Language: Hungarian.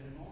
tenemos